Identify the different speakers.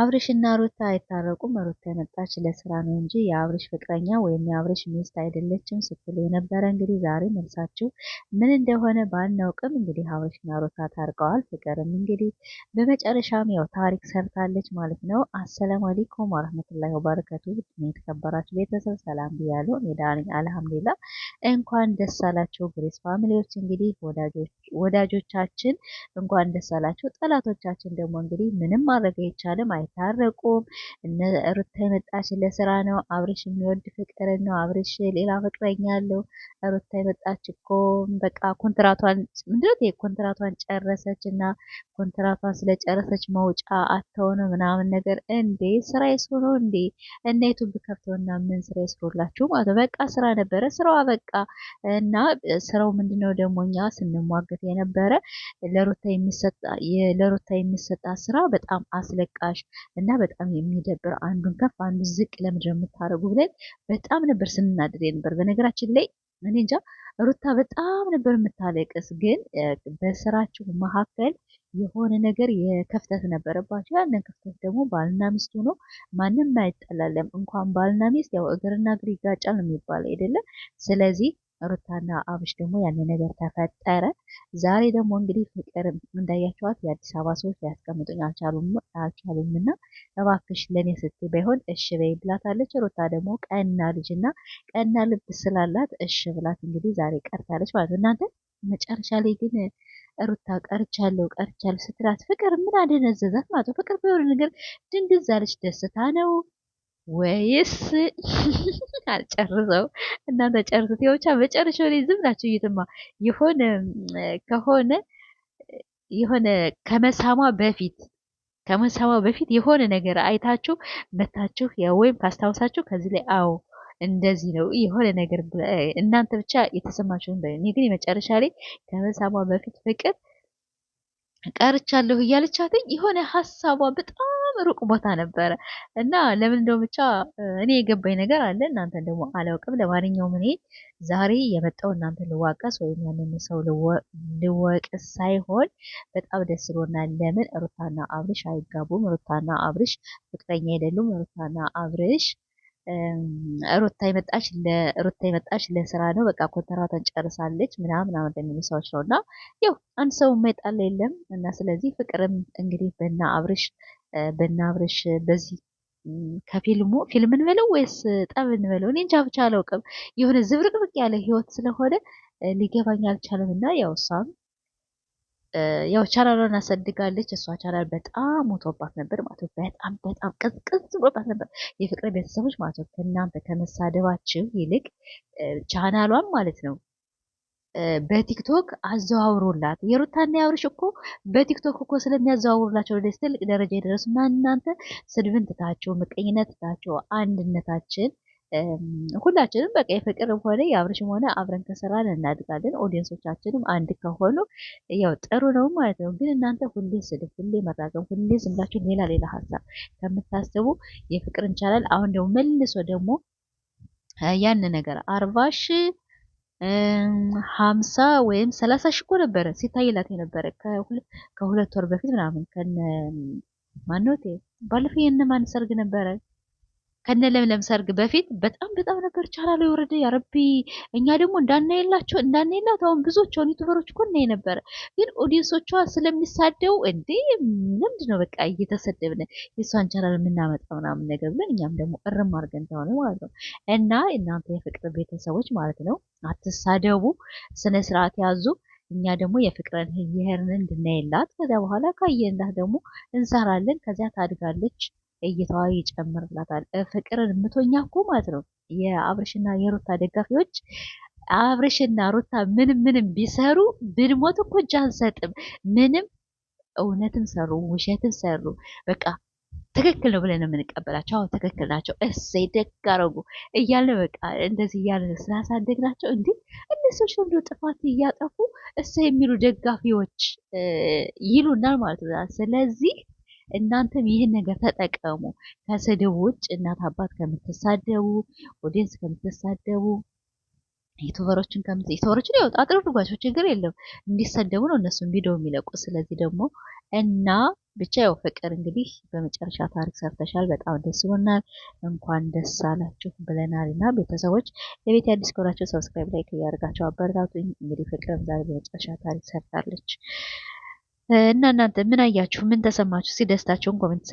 Speaker 1: አብርሽ እና ሩታ አይታረቁም። ሩታ የመጣች ለስራ ነው እንጂ የአብርሽ ፍቅረኛ ወይም የአብርሽ ሚስት አይደለችም ስትሉ የነበረ እንግዲህ ዛሬ መልሳችሁ ምን እንደሆነ ባናውቅም እንግዲህ አብርሽ እና ሩታ ታርቀዋል። ፍቅርም እንግዲህ በመጨረሻም ያው ታሪክ ሰርታለች ማለት ነው። አሰላሙ አለይኩም ወራህመቱላሂ ወበረከቱ። የተከበራችሁ ቤተሰብ ሰላም ብያለሁ። እኔ ዳኒ አልሐምዱሊላ። እንኳን ደስ አላችሁ ግሬስ ፋሚሊዎች። እንግዲህ ወዳጆቻችን እንኳን ደስ አላችሁ። ጠላቶቻችን ደግሞ እንግዲህ ምንም ማድረግ አይቻልም። አልታረቁም። እነ ሩታ የመጣች ለስራ ነው። አብርሽ የሚወድ ፍቅር ነው። አብርሽ ሌላ ፍቅረኛ አለው። ሩታ የመጣች እኮ በቃ ኮንትራቷን ምንድነት ኮንትራቷን ጨረሰች እና ኮንትራቷን ስለጨረሰች መውጫ አተውነ ምናምን ነገር እንዴ ስራ ይስሩ እንዴ እና ዩቱብ ከፍተውና ምን ስራ ይስሩላችሁ ማለት በቃ ስራ ነበረ ስራዋ በቃ እና ስራው ምንድነው ደግሞ እኛ ስንሟገት የነበረ ለሩታ የሚሰጣ ስራ በጣም አስለቃሽ እና በጣም የሚደብር አንዱን ከፍ አንዱ ዝቅ ለምድር የምታደርጉ ብለን በጣም ነበር ስንናደድ ነበር። በነገራችን ላይ እኔ እንጃ ሩታ በጣም ነበር የምታለቅስ። ግን በስራችሁ መካከል የሆነ ነገር የክፍተት ነበረባቸው። ያንን ክፍተት ደግሞ ባልና ሚስት ሆኖ ማንም አይጠላለም። እንኳን ባልና ሚስት ያው እግርና እግር ይጋጫል ነው የሚባለው አይደለም። ስለዚህ ሩታና አብሽ ደግሞ ያንን ነገር ተፈጠረ። ዛሬ ደግሞ እንግዲህ ፍቅር እንዳያቸዋት የአዲስ አበባ ሰዎች ሊያስቀምጡኝ አልቻሉም እና እባክሽ ለእኔ ስት ባይሆን እሽ በይ ብላታለች። ሩታ ደግሞ ቀና ልጅና ቀና ልብ ስላላት እሽ ብላት እንግዲህ ዛሬ ቀርታለች ማለት ነው። እናንተ መጨረሻ ላይ ግን ሩታ ቀርቻለሁ ቀርቻለሁ ስትላት ፍቅር ምን አደነዘዛት ማለት ነው። ፍቅር በሆነ ነገር አለች። ደስታ ነው ወይስ አልጨርሰው እናንተ ጨርሱት። ያው ብቻ መጨረሻው ላይ ዝም ብላችሁ እዩትማ የሆነ ከሆነ የሆነ ከመሳሟ በፊት ከመሳሟ በፊት የሆነ ነገር አይታችሁ መታችሁ ወይም ካስታውሳችሁ ከዚህ ላይ አዎ እንደዚህ ነው የሆነ ነገር እናንተ ብቻ የተሰማችሁን በ እኔ ግን የመጨረሻ ላይ ከመሳሟ በፊት ፍቅር ቀርቻለሁ እያለቻትኝ የሆነ ሀሳቧ በጣም በጣም ሩቅ ቦታ ነበረ እና ለምን እንደው ብቻ እኔ የገባኝ ነገር አለ፣ እናንተን ደግሞ አላውቅም። ለማንኛውም እኔ ዛሬ የመጣው እናንተ ልዋቀስ ወይም ያንን ሰው ልወቅስ ሳይሆን በጣም ደስ ብሎናል። ለምን ሩታና አብርሽ አይጋቡም? ሩታና አብርሽ ፍቅረኛ አይደሉም። ሩታና አብርሽ ሩታ የመጣች ለሩታ የመጣች ለስራ ነው። በቃ ኮንትራቷን ጨርሳለች ምናምን ምናምን ለሚሉ ሰዎች ነው እና ያው አንድ ሰው የማይጣላ የለም እና ስለዚህ ፍቅርም እንግዲህ በና አብርሽ በናብረሽ በዚህ ከፊልሙ ፊልም እንበለው ወይስ ጠብ እንበለው እኔ እንጃ ብቻ አላውቅም። የሆነ ዝብርቅርቅ ያለ ህይወት ስለሆነ ሊገባኝ አልቻለም። እና ያው እሷም ያው ቻናሏን አሳድጋለች። እሷ ቻናል በጣም ሞቶባት ነበር ማለት ነው። በጣም በጣም ቅዝቅዝ ብሎባት ነበር። የፍቅር ቤተሰቦች ማለት ነው ከእናንተ ከመሳደባችሁ ይልቅ ቻናሏን ማለት ነው በቲክቶክ አዘዋውሮላት የሩታና ያብርሽ እኮ በቲክቶክ እኮ ስለሚያዘዋውሩላቸው ወደ ትልቅ ደረጃ የደረሱ እና እናንተ ስድብን ትታቸው ምቀኝነት ትታቸው አንድነታችን ሁላችንም በቃ የፍቅርም ሆነ የአብርሽም ሆነ አብረን ከሰራን እናድጋለን። ኦዲየንሶቻችንም አንድ ከሆኑ ያው ጥሩ ነው ማለት ነው። ግን እናንተ ሁሌ ስድብ፣ ሁሌ መራገም፣ ሁሌ ዝምላችሁ ሌላ ሌላ ሀሳብ ከምታስቡ የፍቅር እንቻላል። አሁን ደግሞ መልሶ ደግሞ ያን ነገር አርባሽ ሀምሳ ወይም ሰላሳ ሺህ እኮ ነበረ ሲታይላት የነበረ ከሁለት ወር በፊት ምናምን ከነ ማነው ባለፈው የእነ ሰርግ ነበረ ከነ ለምለም ሰርግ በፊት በጣም በጣም ነበር ቻናሉ የወረደ። ያረቢ እኛ ደግሞ እንዳናየላቸው እንዳናየላት አሁን ብዙዎች አሁን ዩቱበሮች እኮ እናየ ነበረ፣ ግን ኦዲየንሶቿ ስለሚሳደው እንዴ ምንድን ነው በቃ እየተሰደብን የእሷን ቻናል የምናመጣ ምናምን ነገር ብለን እኛም ደግሞ እርም አድርገን ተሆነ ማለት ነው። እና እናንተ የፍቅር ቤተሰቦች ማለት ነው አትሳደቡ፣ ስነ ስርዓት ያዙ። እኛ ደግሞ የፍቅርን ህይህርን እንድናየላት ከዚያ በኋላ ካየንላት ደግሞ እንሰራለን። ከዚያ ታድጋለች እይታዋ ይጨምርላታል። ፍቅርን ምቶኛ እኮ ማለት ነው። የአብርሽና የሩታ ደጋፊዎች አብርሽና ሩታ ምንም ምንም ቢሰሩ ብንሞት እኮ እጅ አንሰጥም። ምንም እውነትም ሰሩ ውሸትም ሰሩ በቃ ትክክል ነው ብለን የምንቀበላቸው። አዎ ትክክል ናቸው፣ እሰይ ደግ አረጉ እያለ በቃ እንደዚህ እያለ ስላሳደግ ናቸው። እንዲ እነሰዎች ሁሉ ጥፋት እያጠፉ እሰይ የሚሉ ደጋፊዎች ይሉናል ማለት ነው። ስለዚህ እናንተም ይህን ነገር ተጠቀሙ። ከስድብ ውጭ እናት አባት ከምትሳደቡ፣ ኦዲየንስ ከምትሳደቡ፣ ዩቱበሮችን ዩቱበሮችን ያወጣ አድርጓቸው ችግር የለም እንዲሰደቡ ነው እነሱም ቪዲዮ የሚለቁ። ስለዚህ ደግሞ እና ብቻ ያው ፍቅር እንግዲህ በመጨረሻ ታሪክ ሰርተሻል። በጣም ደስ ይሆናል። እንኳን ደስ አላችሁ ብለናል እና ቤተሰቦች ለቤት አዲስ ከሆናችሁ ሰብስክራይብ፣ ላይክ እያደርጋቸው አበረታቱኝ። እንግዲህ ፍቅርም ዛሬ በመጨረሻ ታሪክ ሰርታለች። እና እናንተ ምን አያችሁ? ምን ተሰማችሁ? እስኪ ደስታችሁን ኮሜንት